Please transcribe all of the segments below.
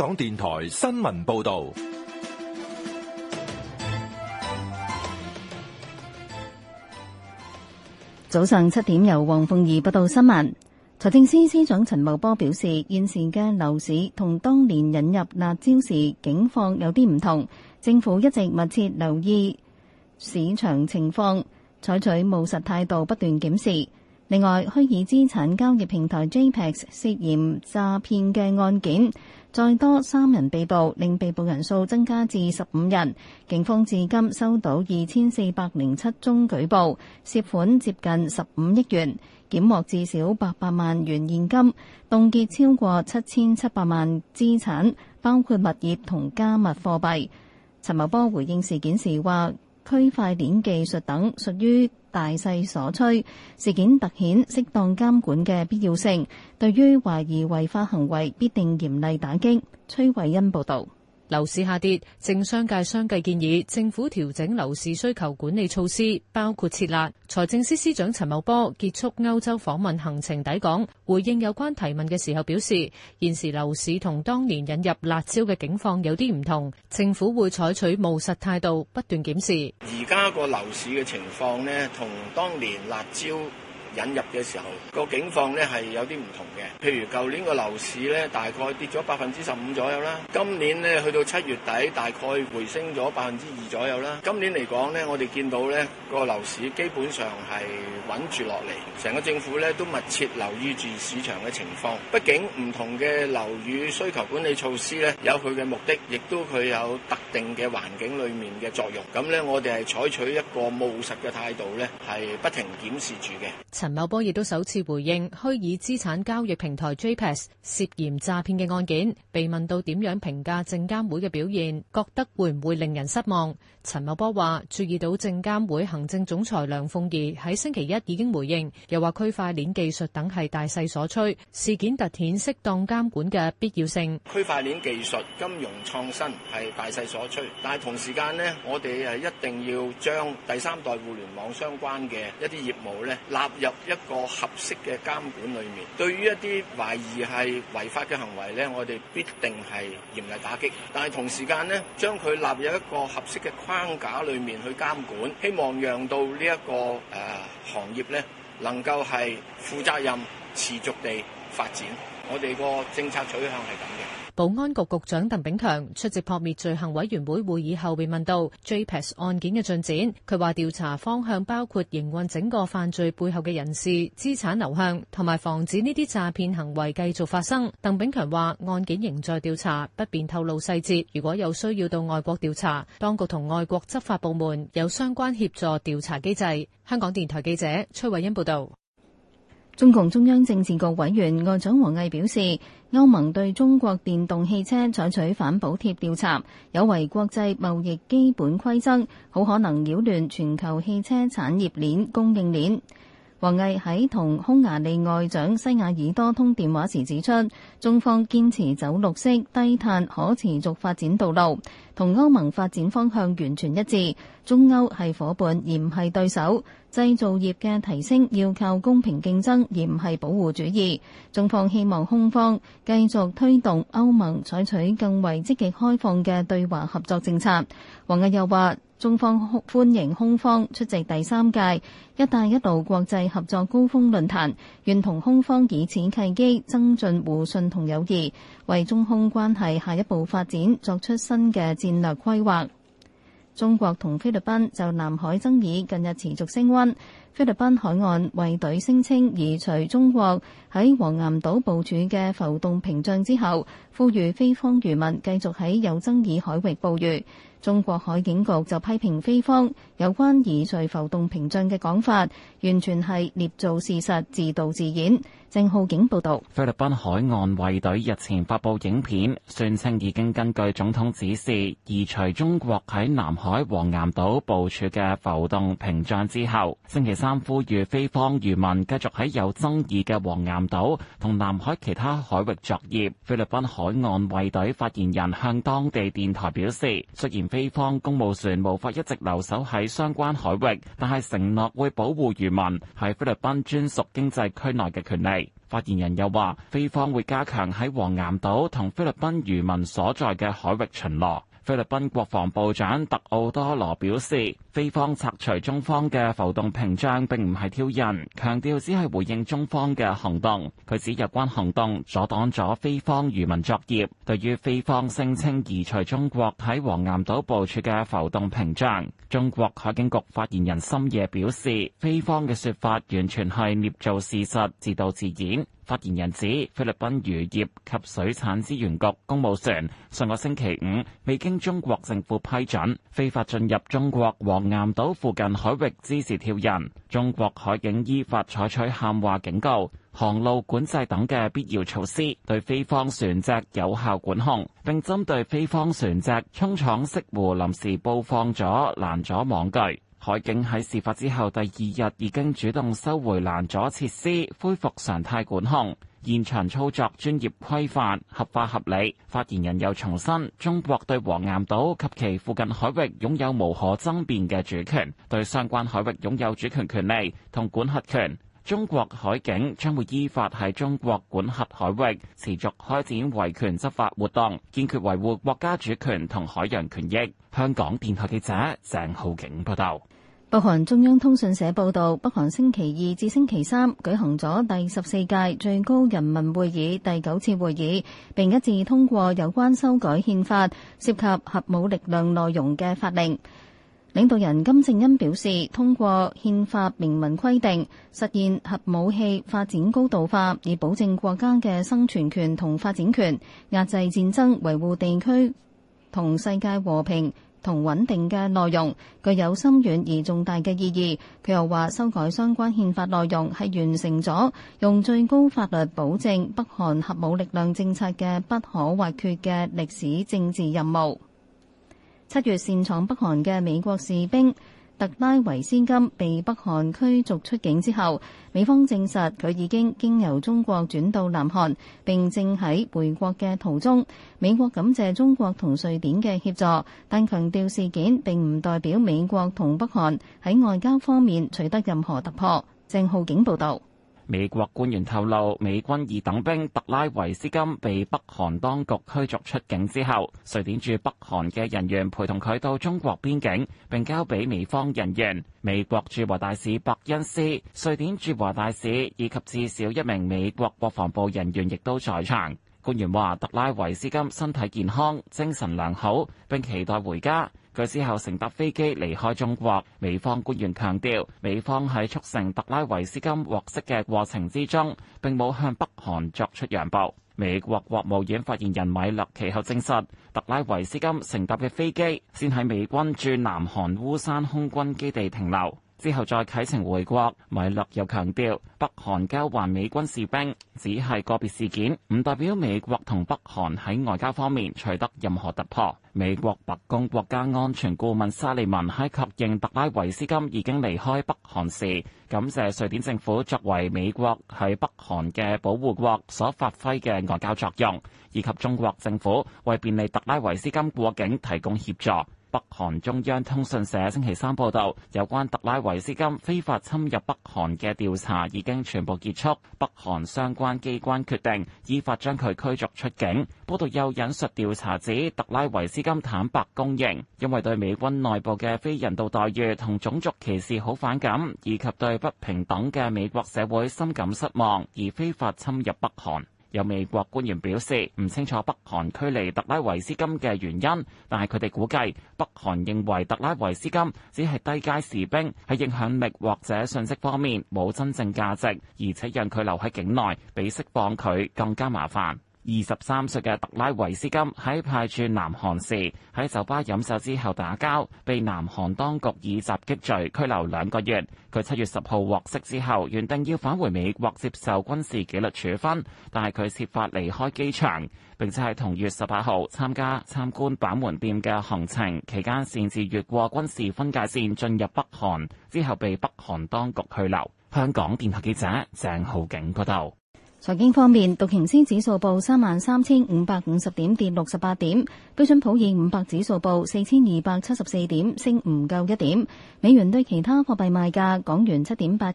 港電台新聞報道，早上七點由黃鳳儀報道新聞。財政司司長陳茂波表示，現時嘅樓市同當年引入辣椒時，境況有啲唔同，政府一直密切留意市場情況，採取務實態度，不斷檢視。另外，虛擬資產交易平台 JPEX 涉嫌詐騙嘅案件。再多三人被捕，令被捕人數增加至十五人。警方至今收到二千四百零七宗舉報，涉款接近十五億元，檢獲至少八百萬元現金，凍結超過七千七百萬資產，包括物業同加密貨幣。陳茂波回應事件時話區塊鏈技術等屬於。大勢所趨，事件凸顯適當監管嘅必要性。對於懷疑違法行為必定嚴厲打擊，崔慧欣報道。樓市下跌，政商界相繼建議政府調整樓市需求管理措施，包括設立。財政司司長陳茂波結束歐洲訪問行程抵港，回應有關提問嘅時候表示，現時樓市同當年引入辣椒嘅境況有啲唔同，政府會採取務實態度，不斷檢視。而家個樓市嘅情況呢，同當年辣椒。引入嘅時候，個境況咧係有啲唔同嘅。譬如舊年個樓市咧，大概跌咗百分之十五左右啦。今年咧去到七月底，大概回升咗百分之二左右啦。今年嚟講咧，我哋見到咧個樓市基本上係穩住落嚟。成個政府咧都密切留意住市場嘅情況，畢竟唔同嘅樓宇需求管理措施咧，有佢嘅目的，亦都佢有特定嘅環境裏面嘅作用。咁咧，我哋係採取一個務實嘅態度咧，係不停檢視住嘅。陳茂波亦都首次回應虛擬資產交易平台 JPEX 涉嫌詐騙嘅案件。被問到點樣評價證監會嘅表現，覺得會唔會令人失望？陳茂波話：注意到證監會行政總裁梁鳳儀喺星期一已經回應，又話區塊鏈技術等係大勢所趨，事件凸顯適當監管嘅必要性。區塊鏈技術、金融創新係大勢所趨，但係同時間呢，我哋係一定要將第三代互聯網相關嘅一啲業務咧納入。一個合適嘅監管裏面，對於一啲懷疑係違法嘅行為呢，我哋必定係嚴厲打擊。但係同時間呢，將佢立入一個合適嘅框架裏面去監管，希望讓到呢、這、一個誒、呃、行業呢能夠係負責任、持續地發展。我哋個政策取向係咁嘅。保安局局長鄧炳強出席撲滅罪行委員會會議後，被問到 JPAS 案件嘅進展，佢話調查方向包括營運整個犯罪背後嘅人士、資產流向，同埋防止呢啲詐騙行為繼續發生。鄧炳強話案件仍在調查，不便透露細節。如果有需要到外國調查，當局同外國執法部門有相關協助調查機制。香港電台記者崔惠恩報道。中共中央政治局委員、外長王毅表示，歐盟對中國電動汽車採取反補貼調查，有違國際貿易基本規則，好可能擾亂全球汽車產業鏈供應鏈。王毅喺同匈牙利外長西雅爾多通電話時指出，中方堅持走綠色、低碳、可持續發展道路，同歐盟發展方向完全一致。中歐係伙伴而唔係對手，製造業嘅提升要靠公平競爭而唔係保護主義。中方希望匈方繼續推動歐盟採取更為積極開放嘅對華合作政策。王毅又話。中方歡迎空方出席第三屆“一帶一路”國際合作高峰論壇，願同空方以此契機增進互信同友誼，為中空關係下一步發展作出新嘅戰略規劃。中國同菲律賓就南海爭議近日持續升溫。菲律賓海岸衛隊聲稱移除中國喺黃岩島部署嘅浮動屏障之後，呼籲菲方漁民繼續喺有爭議海域捕魚。中國海警局就批評菲方有關移除浮動屏障嘅講法，完全係捏造事實、自導自演。正浩景報導，菲律賓海岸衛隊日前發布影片，宣稱已經根據總統指示移除中國喺南海黃岩島部署嘅浮動屏障之後，星期三呼籲菲方漁民繼續喺有爭議嘅黃岩島同南海其他海域作業。菲律賓海岸衛隊發言人向當地電台表示，雖然菲方公務船無法一直留守喺相關海域，但係承諾會保護漁民喺菲律賓專屬經濟區內嘅權利。發言人又話，菲方會加強喺黃岩島同菲律賓漁民所在嘅海域巡邏。菲律賓國防部長特奧多羅表示。菲方拆除中方嘅浮動屏障並唔係挑釁，強調只係回應中方嘅行動，佢指有關行動阻擋咗菲方漁民作業，對於菲方聲稱移除中國喺黃岩島部署嘅浮動屏障，中國海警局發言人深夜表示，菲方嘅說法完全係捏造事實、自導自演。發言人指，菲律賓漁業業及水產資源局公務船上個星期五未經中國政府批准，非法進入中國黃。岩島附近海域滋事挑釁，中國海警依法採取喊話警告、航路管制等嘅必要措施，對菲方船隻有效管控，並針對菲方船隻衝闖色湖，臨時布放咗攔阻網具。海警喺事發之後第二日已經主動收回攔阻設施，恢復常態管控。現場操作專業規範，合法合理。發言人又重申，中國對黃岩島及其附近海域擁有無可爭辯嘅主權，對相關海域擁有主權權利同管轄權。中國海警將會依法喺中國管轄海域持續開展維權執法活動，堅決維護國家主權同海洋權益。香港電台記者鄭浩景報道。北韓中央通訊社報導，北韓星期二至星期三舉行咗第十四屆最高人民會議第九次會議，並一致通過有關修改憲法涉及核武力量內容嘅法令。領導人金正恩表示，通過憲法明文規定，實現核武器發展高度化，以保證國家嘅生存權同發展權，壓制戰爭，維護地區同世界和平，同穩定嘅內容，具有深遠而重大嘅意義。佢又話：修改相關憲法內容係完成咗用最高法律保證北韓核武力量政策嘅不可或缺嘅歷史政治任務。七月擅闖北韓嘅美國士兵。特拉維斯金被北韓驅逐出境之後，美方證實佢已經經由中國轉到南韓，並正喺回國嘅途中。美國感謝中國同瑞典嘅協助，但強調事件並唔代表美國同北韓喺外交方面取得任何突破。鄭浩景報道。美國官員透露，美軍二等兵特拉維斯金被北韓當局驅逐出境之後，瑞典駐北韓嘅人員陪同佢到中國邊境並交畀美方人員。美國駐華大使伯恩斯、瑞典駐華大使以及至少一名美國國防部人員亦都在場。官員話：特拉維斯金身體健康，精神良好，並期待回家。佢之後乘搭飛機離開中國。美方官員強調，美方喺促成特拉維斯金獲釋嘅過程之中，並冇向北韓作出讓步。美國國務院發言人米勒其後證實，特拉維斯金乘搭嘅飛機先喺美軍駐南韓烏山空軍基地停留。之後再啟程回國。米勒又強調，北韓交還美軍士兵只係個別事件，唔代表美國同北韓喺外交方面取得任何突破。美國白宮國家安全顧問沙利文喺確認特拉維斯金已經離開北韓時，感謝瑞典政府作為美國喺北韓嘅保護國所發揮嘅外交作用，以及中國政府為便利特拉維斯金過境提供協助。北韓中央通訊社星期三報道，有關特拉維斯金非法侵入北韓嘅調查已經全部結束，北韓相關機關決定依法將佢驅逐出境。報道又引述調查指，特拉維斯金坦白供認，因為對美軍內部嘅非人道待遇同種族歧視好反感，以及對不平等嘅美國社會深感失望，而非法侵入北韓。有美國官員表示，唔清楚北韓驅離特拉維斯金嘅原因，但係佢哋估計，北韓認為特拉維斯金只係低階士兵，喺影響力或者信息方面冇真正價值，而且讓佢留喺境內，比釋放佢更加麻煩。二十三歲嘅特拉維斯金喺派駐南韓時，喺酒吧飲酒之後打交，被南韓當局以襲擊罪拘留兩個月。佢七月十號獲釋之後，原定要返回美國接受軍事紀律處分，但係佢設法離開機場，並且係同月十八號參加參觀板門店嘅行程期間擅自越過軍事分界線進入北韓，之後被北韓當局拘留。香港電台記者鄭浩景報道。財經方面，道瓊斯指數報三萬三千五百五十點，跌六十八點；標準普爾五百指數報四千二百七十四點，升唔夠一點。美元對其他貨幣賣價，港元七點八二二，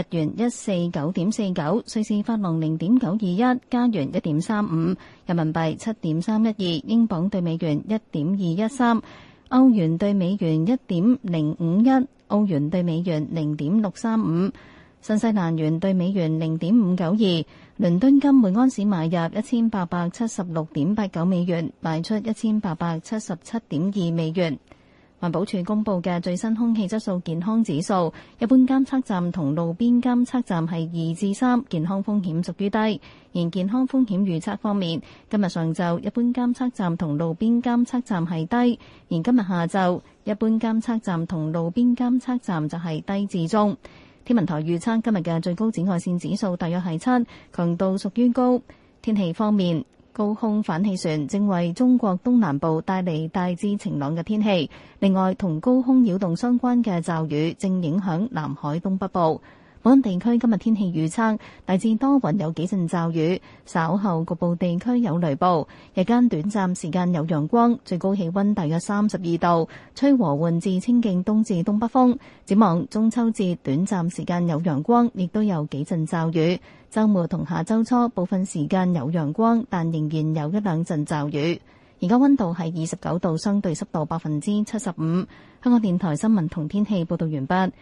日元一四九點四九，瑞士法郎零點九二一，加元一點三五，人民幣七點三一二，英鎊對美元一點二一三，歐元對美元一點零五一，澳元對美元零點六三五。新西蘭元兌美元零點五九二，倫敦金每安士買入一千八百七十六點八九美元，賣出一千八百七十七點二美元。環保署公布嘅最新空氣質素健康指數，一般監測站同路邊監測站係二至三，健康風險屬於低。而健康風險預測方面，今日上晝一般監測站同路邊監測站係低，而今日下晝一般監測站同路邊監測站就係低至中。天文台預測今日嘅最高紫外線指數大約係七，強度屬於高。天氣方面，高空反氣旋正為中國東南部帶嚟大致晴朗嘅天氣。另外，同高空擾動相關嘅驟雨正影響南海東北部。本地區今日天氣預測，大致多雲，有幾陣驟雨，稍後局部地區有雷暴。日間短暫時間有陽光，最高氣溫大約三十二度，吹和緩至清勁東至東北風。展望中秋節短暫時間有陽光，亦都有幾陣驟雨。週末同下週初部分時間有陽光，但仍然有一兩陣驟雨。而家溫度係二十九度，相對濕度百分之七十五。香港電台新聞同天氣報道完畢。